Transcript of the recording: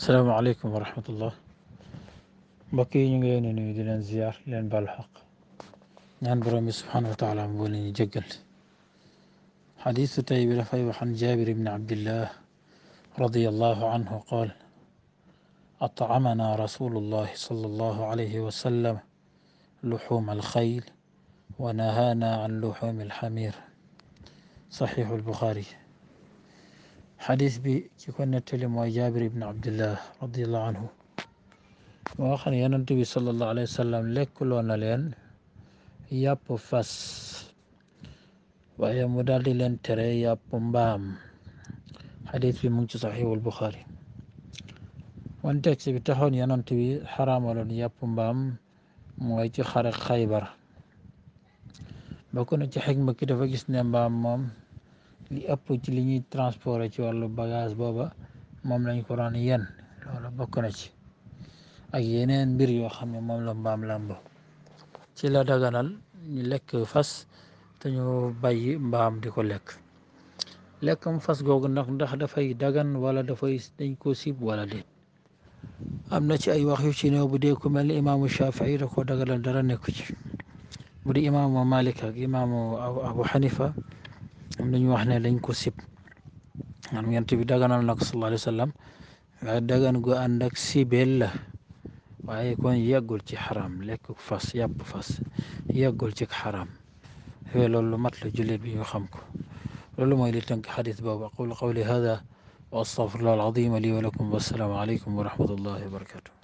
السلام عليكم ورحمة الله بقي نجي نوي دلنا زيار لين بالحق نان برمي سبحانه وتعالى مولين جقل حديث طيب لفاي عن جابر بن عبد الله رضي الله عنه قال أطعمنا رسول الله صلى الله عليه وسلم لحوم الخيل ونهانا عن لحوم الحمير صحيح البخاري حديث bi ci ko nettali mooy jaabir ibn abdillah radiallahu anhu moo xam ne yonent bi salallahu alayhi wa sallam lekkuloo na leen yàpp fas waaye mu daal di leen tere yàpp mbaam xadis bi mu ngi ci saxiixul buxaari wan texte bi taxoon yonent bi xaraamaloon yàpp mbaam mooy ci xare xaybar bokk na ci xikma ki dafa gis ne mbaam moom li ëpp ci li ñuy transporté ci wàllu bagage booba moom lañ ko doon yenn loolu bokk na ci ak yeneen mbir yoo xam ne moom la mbaam làmb ci la daganal ñu lekk fas te ñu bàyyi mbaam di ko lekk lekkam fas googu nag ndax dafay dagan wala dafay dañ ko sib wala déet am na ci ay wax yu ci néew bu dee ku mel ni imaamu Shafii ko daganal dara nekku ci bu di imaamu Malik ak imaamu Abu Hanifa moom dañu wax ne dañ ko sib maanaam yonent bi daganal na ko sallallahu alayhi wa sallam waaye dagan gu ànd ak la waaye kon yàggul ci xaram lekk fas yàpp fas yàggul ci xaram fe lu mat la bi ñu xam ko loolu mooy li tënk xadis boobu aqulu qawli hada wa astaghfirullah alazim li wa lakum wassalaamu aleykum wa rahmatullahi wa barakatuh